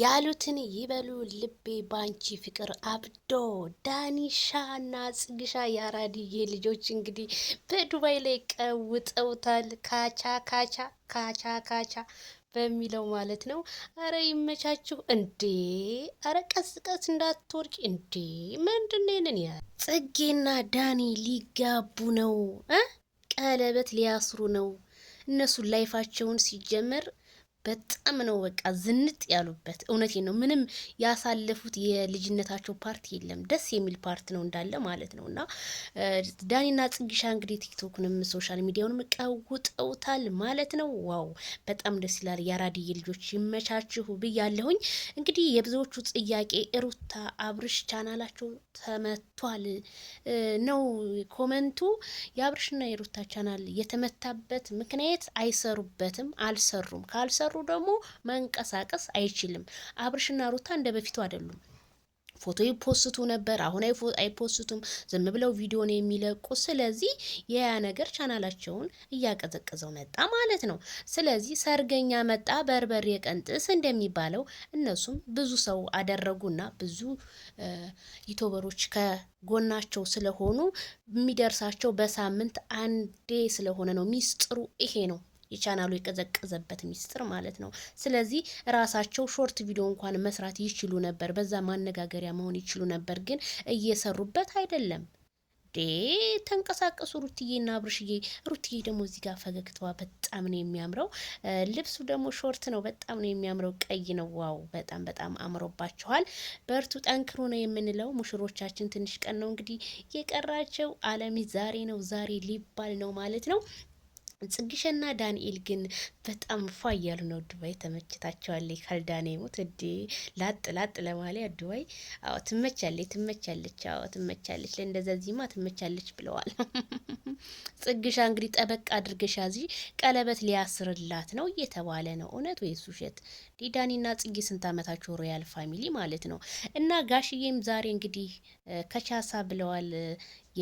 ያሉትን ይበሉ ልቤ ባንቺ ፍቅር አብዶ ዳኒሻና ጽግሻ የአራድዬ ልጆች እንግዲህ በዱባይ ላይ ቀውጠውታል። ካቻ ካቻ ካቻ ካቻ በሚለው ማለት ነው። አረ ይመቻችሁ እንዴ! አረ ቀስቀስ እንዳትወርቂ እንዴ! ምንድንንን ያ ጽጌና ዳኒ ሊጋቡ ነው ቀለበት ሊያስሩ ነው እነሱ ላይፋቸውን ሲጀመር በጣም ነው በቃ ዝንጥ ያሉበት። እውነቴ ነው። ምንም ያሳለፉት የልጅነታቸው ፓርት የለም። ደስ የሚል ፓርት ነው እንዳለ ማለት ነው። እና ዳኒና ጽጊሻ እንግዲህ ቲክቶክንም ሶሻል ሚዲያውንም ቀውጠውታል ማለት ነው። ዋው በጣም ደስ ይላል። የአራድዬ ልጆች ይመቻችሁ ብያለሁኝ። እንግዲህ የብዙዎቹ ጥያቄ ሩታ አብርሽ ቻናላቸው ተመቷል ነው ኮመንቱ። የአብርሽና የሩታ ቻናል የተመታበት ምክንያት አይሰሩበትም፣ አልሰሩም ካልሰሩ ካልሰሩ ደግሞ መንቀሳቀስ አይችልም። አብርሽና ሩታ እንደ በፊቱ አይደሉም። ፎቶ ይፖስቱ ነበር፣ አሁን አይፖስቱም። ዝም ብለው ቪዲዮ ነው የሚለቁ። ስለዚህ የያ ነገር ቻናላቸውን እያቀዘቀዘው መጣ ማለት ነው። ስለዚህ ሰርገኛ መጣ በርበሬ ቀንጥስ እንደሚባለው እነሱም ብዙ ሰው አደረጉና ብዙ ዩቱበሮች ከጎናቸው ስለሆኑ የሚደርሳቸው በሳምንት አንዴ ስለሆነ ነው። ሚስጥሩ ይሄ ነው። የቻናሉ የቀዘቀዘበት ሚስጥር ማለት ነው። ስለዚህ ራሳቸው ሾርት ቪዲዮ እንኳን መስራት ይችሉ ነበር፣ በዛ ማነጋገሪያ መሆን ይችሉ ነበር፣ ግን እየሰሩበት አይደለም። ዴ ተንቀሳቀሱ ሩትዬና አብርሽዬ። ሩትዬ ደግሞ እዚህ ጋር ፈገግታዋ በጣም ነው የሚያምረው። ልብሱ ደግሞ ሾርት ነው፣ በጣም ነው የሚያምረው። ቀይ ነው። ዋው! በጣም በጣም አምሮባችኋል። በርቱ፣ ጠንክሮ ነው የምንለው። ሙሽሮቻችን ትንሽ ቀን ነው እንግዲህ የቀራቸው። አለሚ ዛሬ ነው ዛሬ ሊባል ነው ማለት ነው። ጽግሸና ዳንኤል ግን በጣም ፏ እያሉ ነው። ዱባይ ተመችታቸዋል። ካልዳኔ ሞት እዲ ላጥ ላጥ ለማሊያ ዱባይ አዎ ትመቻለች፣ ትመቻለች፣ አዎ ትመቻለች፣ ለእንደዛ ዚማ ትመቻለች ብለዋል። ጽግሻ እንግዲህ ጠበቅ አድርገሻ ዚ ቀለበት ሊያስርላት ነው እየተባለ ነው። እውነት ወይስ ውሸት? ዲዳኒና ጽጌ ስንት አመታቸው? ሮያል ፋሚሊ ማለት ነው። እና ጋሽዬም ዛሬ እንግዲህ ከቻሳ ብለዋል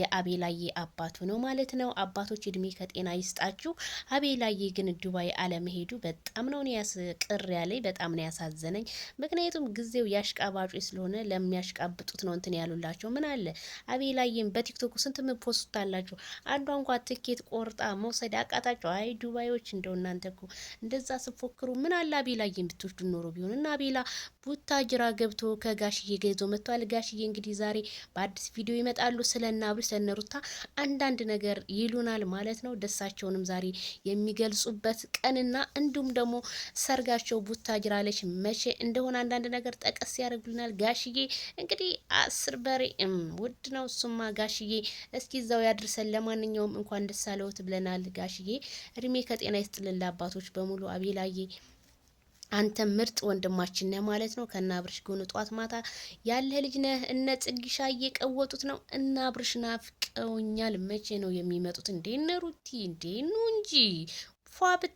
የአቤላዬ አባቱ ነው ማለት ነው። አባቶች እድሜ ከጤና ይስጣችሁ። አቤላዬ ግን ዱባይ አለመሄዱ በጣም ነው ያስቅር ያለኝ፣ በጣም ነው ያሳዘነኝ። ምክንያቱም ጊዜው ያሽቃባጩ ስለሆነ ለሚያሽቃብጡት ነው እንትን ያሉላቸው። ምን አለ አቤላዬም በቲክቶኩ ስንት ምን ፖስት አላችሁ። አንዷ እንኳ ትኬት ቆርጣ መውሰድ አቃታቸው። አይ ዱባዮች እንደው እናንተ እኮ እንደዛ ስፎክሩ ምን አለ አቤላዬን ብትወስዱ ኖሮ ቢሆን እና አቤላ ቡታጅራ ገብቶ ከጋሽዬ ገይዞ መጥቷል። ጋሽዬ እንግዲህ ዛሬ በአዲስ ቪዲዮ ይመጣሉ ስለና ሞገስ እነሩታ አንዳንድ ነገር ይሉናል ማለት ነው። ደሳቸውንም ዛሬ የሚገልጹበት ቀንና እንዲሁም ደግሞ ሰርጋቸው ቡታ ጅራለች መቼ እንደሆነ አንዳንድ ነገር ጠቀስ ያደርጉልናል። ጋሽዬ እንግዲህ አስር በሬ ውድ ነው እሱማ ጋሽዬ እስኪ እዛው ያድርሰን። ለማንኛውም እንኳን ደስ አለዎት ብለናል። ጋሽዬ እድሜ ከጤና ይስጥልን ለአባቶች በሙሉ አቤላዬ አንተ ምርጥ ወንድማችን ነህ ማለት ነው። ከና አብርሽ ጎን ጧት ማታ ያለህ ልጅ ነህ። እነ ጽግሻ እየቀወጡት ነው እና አብርሽ ናፍቀውኛል። መቼ ነው የሚመጡት? እንዴ ነሩቲ እንዴ ኑ እንጂ ፏ